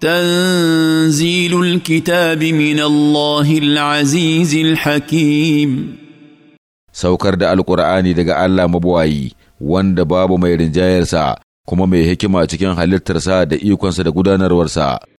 Tanzilul kitabi من الله العزيز الحكيم saukar da Alƙur'ani daga Allah mabuwayi wanda babu mai rinjayarsa kuma mai hikima cikin halittarsa da ikonsa da gudanarwarsa